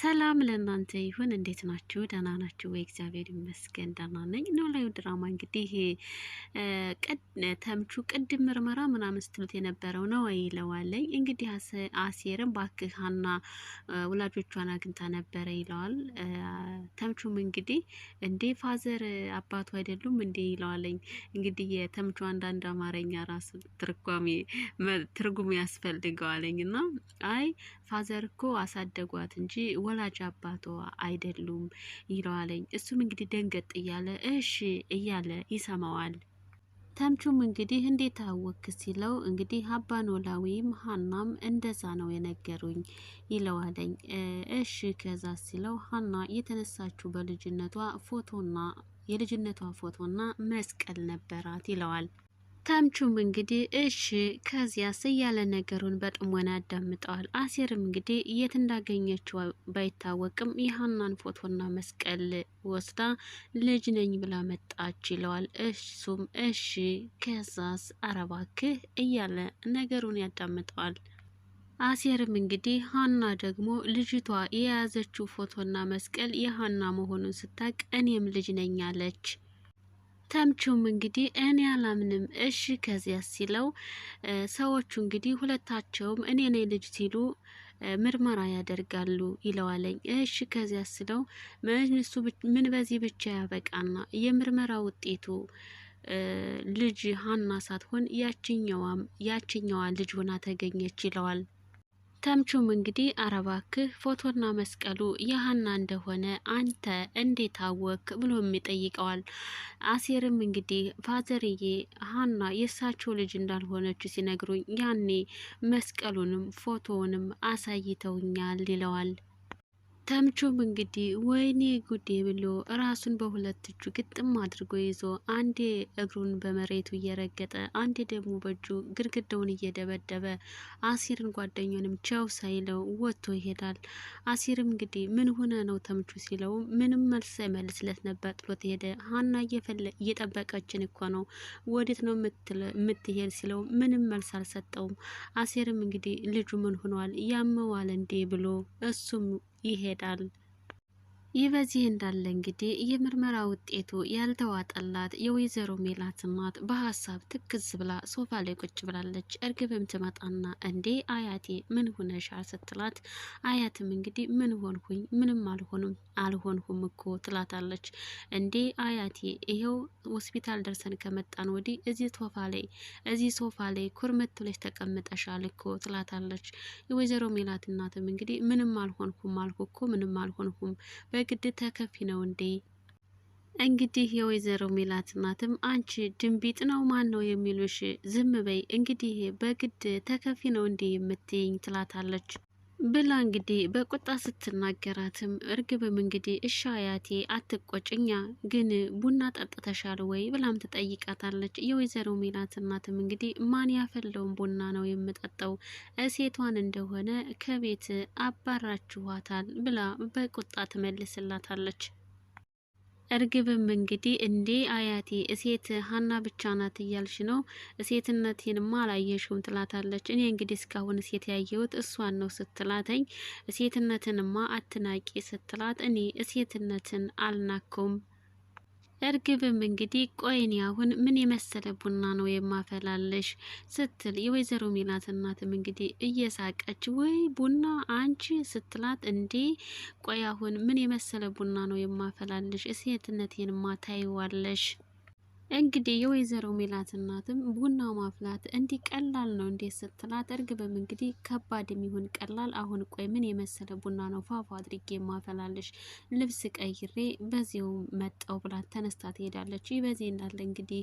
ሰላም ለእናንተ ይሁን። እንዴት ናችሁ? ደህና ናችሁ ወይ? እግዚአብሔር ይመስገን ደህና ነኝ። ኖላዊ ድራማ እንግዲህ ተምቹ ቅድም ምርመራ ምናምን ስትሉት የነበረው ነው ይለዋለኝ። እንግዲህ አሴርም እባክህ ሀና ወላጆቿን አግኝታ ነበረ ይለዋል። ተምቹም እንግዲህ እንዴ ፋዘር አባቱ አይደሉም እንዴ ይለዋለኝ። እንግዲህ የተምቹ አንዳንድ አማርኛ ራሱ ትርጓሜ ትርጉም ያስፈልገዋለኝ እና አይ ፋዘር እኮ አሳደጓት እንጂ ወላጅ አባቷ አይደሉም ይለዋለኝ። እሱም እንግዲህ ደንገጥ እያለ እሺ እያለ ይሰማዋል። ተምቹም እንግዲህ እንዴት አወክ ሲለው እንግዲህ አባ ኖላዊም ሀናም እንደዛ ነው የነገሩኝ ይለዋለኝ። እሺ ከዛ ሲለው ሀና የተነሳችው በልጅነቷ ፎቶና የልጅነቷ ፎቶና መስቀል ነበራት ይለዋል። ታምቹም እንግዲህ እሺ ከዚያስ እያለ ነገሩን በጥሞና አዳምጠዋል። አሴርም እንግዲህ የት እንዳገኘችው ባይታወቅም የሀናን ፎቶና መስቀል ወስዳ ልጅ ነኝ ብላ መጣች ይለዋል። እሱም እሺ ከዛስ አረባክህ እያለ ነገሩን ያዳምጠዋል። አሴርም እንግዲህ ሀና ደግሞ ልጅቷ የያዘችው ፎቶና መስቀል የሀና መሆኑን ስታቅ እኔም ልጅ ነኝ አለች ተምቹም እንግዲህ እኔ አላምንም እሺ ከዚያ ሲለው ሰዎቹ እንግዲህ ሁለታቸውም እኔ ነኝ ልጅ ሲሉ ምርመራ ያደርጋሉ ይለዋለኝ። እሺ ከዚያ ስለው እሱ ምን በዚህ ብቻ ያበቃና የምርመራ ውጤቱ ልጅ ሀና ሳትሆን ያችኛዋ ልጅ ሆና ተገኘች ይለዋል። ተምቹም እንግዲህ አረባክህ ፎቶና መስቀሉ የሀና እንደሆነ አንተ እንዴት አወክ ብሎም ይጠይቀዋል። አሴርም እንግዲህ ፋዘርዬ ሀና የእሳቸው ልጅ እንዳልሆነች ሲነግሩኝ ያኔ መስቀሉንም ፎቶውንም አሳይተውኛል ይለዋል። ተምቹም እንግዲህ ወይኔ ጉዴ ብሎ ራሱን በሁለት እጁ ግጥም አድርጎ ይዞ አንዴ እግሩን በመሬቱ እየረገጠ አንዴ ደግሞ በእጁ ግድግዳውን እየደበደበ አሲርን ጓደኛንም ቸው ሳይለው ወጥቶ ይሄዳል። አሲርም እንግዲህ ምን ሆነ ነው ተምቹ ሲለው ምንም መልስ ሳይመልስለት ነበር፣ ጥሎት ሄደ። ሀና እየጠበቀችን እኮ ነው ወዴት ነው የምትሄድ ሲለው ምንም መልስ አልሰጠውም። አሲርም እንግዲህ ልጁ ምን ሆኗል ያመዋል እንዴ ብሎ እሱም ይሄዳል። ይህ በዚህ እንዳለ እንግዲህ የምርመራ ውጤቱ ያልተዋጠላት የወይዘሮ ሜላት እናት በሀሳብ ትክዝ ብላ ሶፋ ላይ ቁጭ ብላለች። እርግብም ትመጣና እንዴ አያቴ ምን ሆነሻል ስትላት፣ አያትም እንግዲህ ምን ሆንሁኝ ምንም አልሆንም አልሆንሁም እኮ ትላታለች። እንዴ አያቴ ይኸው ሆስፒታል ደርሰን ከመጣን ወዲህ እዚህ ሶፋ ላይ እዚህ ሶፋ ላይ ኩርመት ብለሽ ተቀምጠሻል እኮ ትላታለች። የወይዘሮ ሜላት እናትም እንግዲህ ምንም አልሆንሁም አልኩ እኮ ምንም አልሆንሁም በግድ ተከፊ ነው እንዴ? እንግዲህ የወይዘሮ ሜላት እናትም አንቺ ድንቢጥ ነው ማን ነው የሚሉሽ? ዝም በይ እንግዲህ በግድ ተከፊ ነው እንዴ የምትይኝ? ትላታለች። ብላ እንግዲህ በቁጣ ስትናገራትም እርግብም እንግዲህ እሺ አያቴ አትቆጭኛ፣ ግን ቡና ጠጥተሻል ወይ ብላም ትጠይቃታለች። የወይዘሮ ሜላት እናትም እንግዲህ ማን ያፈለውን ቡና ነው የምጠጣው? ሴቷን እንደሆነ ከቤት አባራችኋታል ብላ በቁጣ ትመልስላታለች። እርግብም እንግዲህ እንዴ አያቴ እሴት ሀና ብቻ ናት እያልሽ ነው? እሴትነቴንማ አላየሽውም ትላታለች። እኔ እንግዲህ እስካሁን እሴት ያየሁት እሷን ነው ስትላተኝ፣ እሴትነትንማ አትናቂ ስትላት፣ እኔ እሴትነትን አልናከውም እርግብም እንግዲህ ቆይኔ አሁን ምን የመሰለ ቡና ነው የማፈላለሽ ስትል የወይዘሮ ሚላት እናትም እንግዲህ እየሳቀች ወይ ቡና አንቺ ስትላት፣ እንዴ ቆይ አሁን ምን የመሰለ ቡና ነው የማፈላለሽ ሴትነቴን ማታይዋለሽ? እንግዲህ የወይዘሮ ሜላት እናትም ቡና ማፍላት እንዲህ ቀላል ነው እንዴት ስትላት፣ እርግብም እንግዲህ ከባድ የሚሆን ቀላል፣ አሁን ቆይ ምን የመሰለ ቡና ነው ፏፏ አድርጌ ማፈላለሽ ልብስ ቀይሬ በዚሁ መጣው ብላት ተነስታ ትሄዳለች። በዚህ እንዳለ እንግዲህ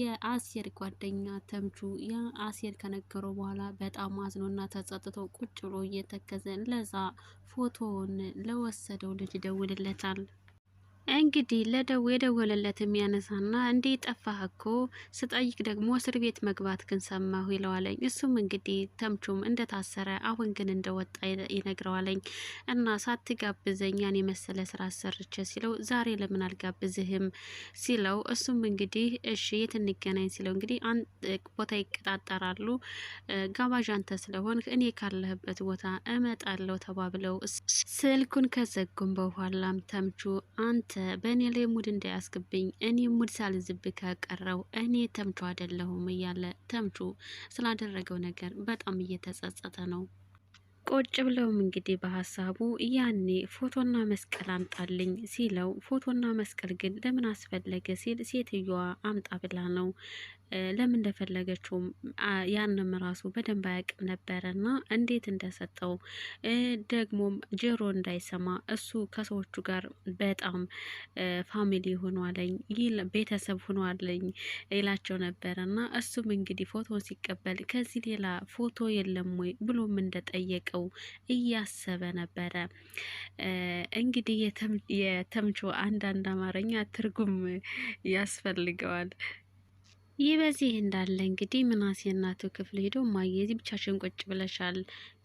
የአሴር ጓደኛ ተምቹ የአሴር ከነገረው በኋላ በጣም አዝኖና ተጸጥቶ ቁጭ ብሎ እየተከዘ ለዛ ፎቶውን ለወሰደው ልጅ ደውልለታል። እንግዲህ ለደው የደወለለት የሚያነሳና እንዴ ጠፋህ እኮ ስጠይቅ ደግሞ እስር ቤት መግባት ግን ሰማሁ ይለዋለኝ። እሱም እንግዲህ ተምቹም እንደታሰረ አሁን ግን እንደወጣ ይነግረዋለኝ። እና ሳትጋብዘኝ ያን የመሰለ ስራ አሰርቼ ሲለው ዛሬ ለምን አልጋብዝህም ሲለው እሱም እንግዲህ እሺ የት እንገናኝ ሲለው እንግዲህ አንድ ቦታ ይቀጣጠራሉ። ጋባዥ አንተ ስለሆንክ እኔ ካለህበት ቦታ እመጣለው ተባብለው ስልኩን ከዘጉም በኋላም ተምቹ አንተ አንተ በእኔ ላይ ሙድ እንዳያስግብኝ እኔ ሙድ ሳልዝብ ከቀረው እኔ ተምቹ አይደለሁም እያለ ተምቹ ስላደረገው ነገር በጣም እየተጸጸተ ነው። ቆጭ ብለውም እንግዲህ በሀሳቡ ያኔ ፎቶና መስቀል አምጣልኝ ሲለው ፎቶና መስቀል ግን ለምን አስፈለገ ሲል ሴትዮዋ አምጣ ብላ ነው ለምን እንደፈለገችው ያንም ራሱ በደንብ አያውቅም ነበረና እንዴት እንደሰጠው ደግሞ ጆሮ እንዳይሰማ እሱ ከሰዎቹ ጋር በጣም ፋሚሊ ሆኗለኝ ቤተሰብ ሆኗለኝ ይላቸው ነበረና እሱም እንግዲህ ፎቶን ሲቀበል ከዚህ ሌላ ፎቶ የለም ወይ ብሎም እንደጠየቀው እያሰበ ነበረ። እንግዲህ የተምቾ አንዳንድ አማርኛ ትርጉም ያስፈልገዋል። ይህ በዚህ እንዳለ እንግዲህ ምናሴ እናቱ ክፍል ሄዶ እማዬ ብቻሽን ቁጭ ብለሻል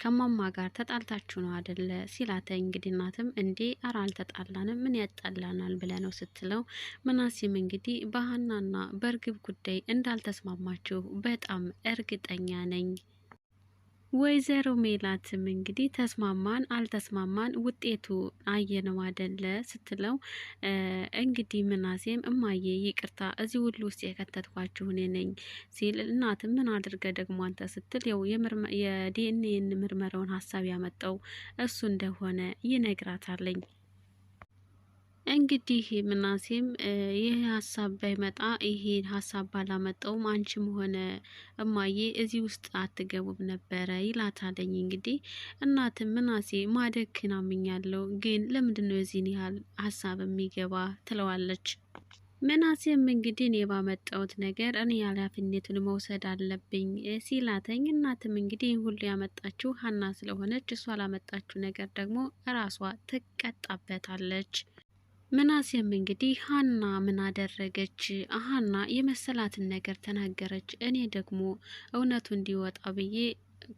ከማማ ጋር ተጣልታችሁ ነው አደለ? ሲላተ እንግዲህ እናትም እንዴ አራ አልተጣላንም ምን ያጣላናል ብለ ነው ስትለው፣ ምናሴም እንግዲህ በሀናና በእርግብ ጉዳይ እንዳልተስማማችሁ በጣም እርግጠኛ ነኝ ወይዘሮ ሜላትም እንግዲህ ተስማማን አልተስማማን ውጤቱ አየነው አደለ ስትለው፣ እንግዲህ ምናሴም እማዬ ይቅርታ እዚህ ሁሉ ውስጥ የከተትኳችሁ እኔ ነኝ ሲል እናትም ምን አድርገ ደግሞ አንተ ስትል ያው የዲኤንኤን ምርመራውን ሀሳብ ያመጣው እሱ እንደሆነ ይነግራታለኝ። እንግዲህ ምናሴም ይህ ሀሳብ ባይመጣ ይሄን ሀሳብ ባላመጣውም አንቺም ሆነ እማዬ እዚህ ውስጥ አትገቡም ነበረ ይላታለኝ። እንግዲህ እናትም ምናሴ ማደግ ናምኛለው ግን ለምንድን ነው የዚህን ያህል ሀሳብ የሚገባ ትለዋለች። ምናሴም እንግዲህ እኔ ባመጣሁት ነገር እኔ ኃላፊነቱን መውሰድ አለብኝ ሲላተኝ፣ እናትም እንግዲህ ይህ ሁሉ ያመጣችው ሀና ስለሆነች እሷ ላመጣችው ነገር ደግሞ ራሷ ትቀጣበታለች። ምናሴም እንግዲህ ሀና ምን አደረገች? ሀና የመሰላትን ነገር ተናገረች። እኔ ደግሞ እውነቱ እንዲወጣ ብዬ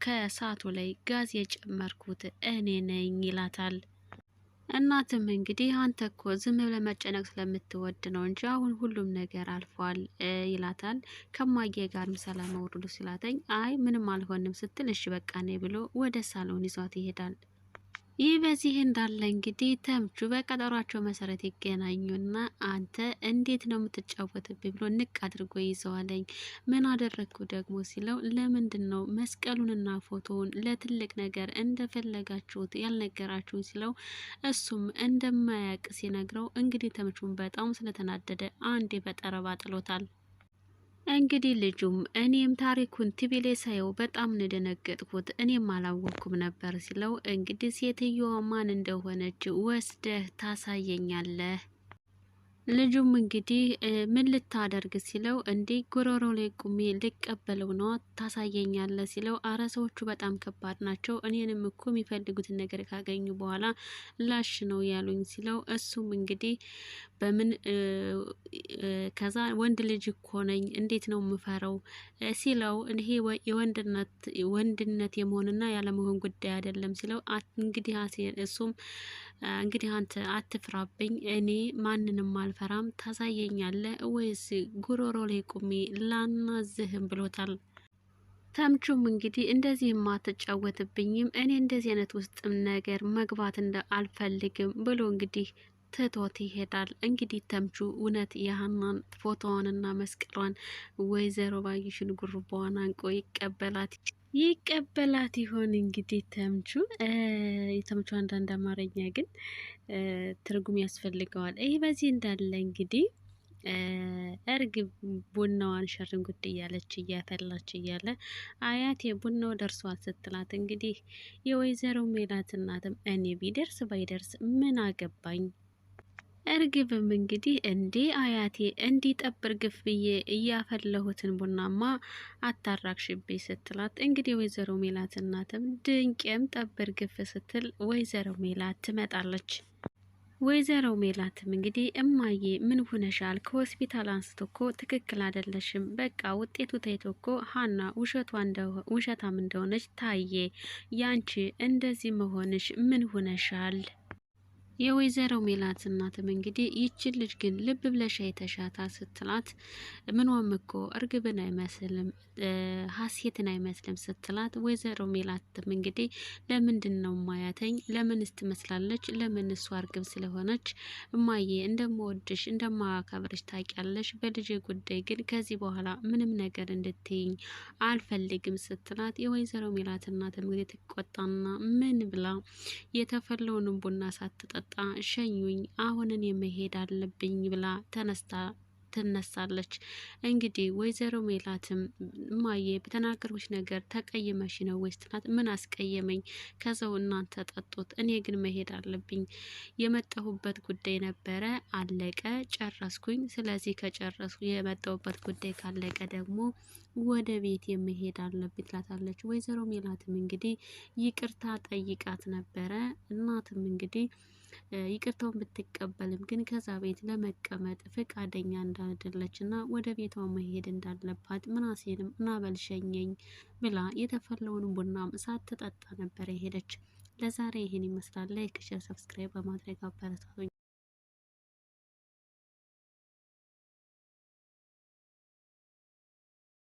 ከእሳቱ ላይ ጋዝ የጨመርኩት እኔ ነኝ ይላታል። እናትም እንግዲህ አንተ እኮ ዝም ብለህ መጨነቅ ስለምትወድ ነው እንጂ አሁን ሁሉም ነገር አልፏል ይላታል። ከማየ ጋርም ሰላም አውርዱ ሲላተኝ አይ ምንም አልሆንም ስትል እሺ በቃ ነኝ ብሎ ወደ ሳሎን ይዟት ይሄዳል። ይህ በዚህ እንዳለ እንግዲህ ተምቹ በቀጠሯቸው መሰረት ይገናኙና አንተ እንዴት ነው የምትጫወትብኝ ብሎ ንቅ አድርጎ ይዘዋለኝ። ምን አደረግኩ ደግሞ ሲለው ለምንድን ነው መስቀሉንና ፎቶውን ለትልቅ ነገር እንደፈለጋችሁት ያልነገራችሁን ሲለው እሱም እንደማያውቅ ሲነግረው እንግዲህ ተምቹን በጣም ስለተናደደ አንዴ በጠረባ ጥሎታል። እንግዲህ ልጁም እኔም ታሪኩን ቲቪሌ ሳየው በጣም እንደነገጥኩት እኔም አላወቅኩም ነበር ሲለው፣ እንግዲህ ሴትዮዋ ማን እንደሆነች ወስደህ ታሳየኛለህ። ልጁም እንግዲህ ምን ልታደርግ ሲለው፣ እንዴ ጉሮሮ ላይ ቁሜ ልቀበለው ነው ታሳየኛለ? ሲለው፣ አረ ሰዎቹ በጣም ከባድ ናቸው፣ እኔንም እኮ የሚፈልጉትን ነገር ካገኙ በኋላ ላሽ ነው ያሉኝ ሲለው፣ እሱም እንግዲህ በምን ከዛ ወንድ ልጅ እኮ ነኝ እንዴት ነው የምፈረው ሲለው ይሄ የወንድነት ወንድነት የመሆንና ያለመሆን ጉዳይ አይደለም ሲለው እንግዲህ እሱም እንግዲህ አንተ አትፍራብኝ፣ እኔ ማንንም አልፈራም። ታሳየኛለህ ወይስ ጉሮሮ ላይ ቁሜ ላናዝህም ብሎታል። ተምቹም እንግዲህ እንደዚህ አትጫወትብኝም፣ እኔ እንደዚህ አይነት ውስጥም ነገር መግባት እንደ አልፈልግም ብሎ እንግዲህ ትቶት ይሄዳል። እንግዲህ ተምቹ እውነት የሀናን ፎቶዋንና መስቀሏን ወይዘሮ ባዩሽን ጉርቧን አንቆ ይቀበላት ይቀበላት ይሆን? እንግዲህ ተምቹ የተምቹ አንዳንድ አማርኛ ግን ትርጉም ያስፈልገዋል። ይህ በዚህ እንዳለ እንግዲህ እርግ ቡናዋን ሸርንጉድ እያለች እያፈላች እያለ አያቴ ቡናው ደርሷል ስትላት እንግዲህ የወይዘሮ ሜላት እናትም እኔ ቢደርስ ባይደርስ ምን አገባኝ እርግብም እንግዲህ እንዴ አያቴ እንዲጠብ እርግፍ ብዬ እያፈለሁትን ቡናማ አታራክሽብኝ ስትላት እንግዲህ ወይዘሮ ሜላት እናትም ድንቄም ጠብ እርግፍ ስትል ወይዘሮ ሜላት ትመጣለች። ወይዘሮ ሜላትም እንግዲህ እማዬ ምን ሁነሻል? ከሆስፒታል አንስቶ እኮ ትክክል አይደለሽም። በቃ ውጤቱ ታይቶ እኮ ሀና ውሸቷም እንደሆነች ታየ። ያንቺ እንደዚህ መሆንሽ ምን ሆነሻል? የወይዘሮ ሜላት እናትም እንግዲህ ይችን ልጅ ግን ልብ ብለሽ የተሻታ ስትላት ምኗም እኮ እርግብን አይመስልም ሀሴትን አይመስልም ስትላት፣ ወይዘሮ ሜላትም እንግዲህ ለምንድን ነው ማያተኝ? ለምንስ ትመስላለች? ለምን እሷ እርግብ ስለሆነች እማዬ እንደምወድሽ እንደማከብርሽ ታውቂያለሽ። በልጅ ጉዳይ ግን ከዚህ በኋላ ምንም ነገር እንድትይኝ አልፈልግም ስትላት፣ የወይዘሮ ሜላት እናትም እንግዲህ ትቆጣና ምን ብላ የተፈለውንም ቡና ሳትጠ ወጣ ሸኙኝ፣ አሁንን የመሄድ አለብኝ ብላ ተነስታ ትነሳለች። እንግዲህ ወይዘሮ ሜላትም እማዬ በተናገሮች ነገር ተቀይመሽ ነው ወይስ ትላት። ምን አስቀየመኝ? ከዛው እናንተ ጠጡት፣ እኔ ግን መሄድ አለብኝ። የመጣሁበት ጉዳይ ነበረ፣ አለቀ፣ ጨረስኩኝ። ስለዚህ ከጨረስኩ የመጣሁበት ጉዳይ ካለቀ ደግሞ ወደ ቤት የመሄድ አለብኝ ትላታለች። ወይዘሮ ሜላትም እንግዲህ ይቅርታ ጠይቃት ነበረ። እናትም እንግዲህ ይቅርታውን ብትቀበልም ግን ከዛ ቤት ለመቀመጥ ፈቃደኛ እንዳደለችና ወደ ቤቷ መሄድ እንዳለባት ምናሴንም እናበልሸኘኝ ብላ የተፈለውን ቡናም ሳትጠጣ ነበር የሄደች። ለዛሬ ይህን ይመስላል። ላይክ፣ ሸር፣ ሰብስክራይብ በማድረግ አበረታቶኝ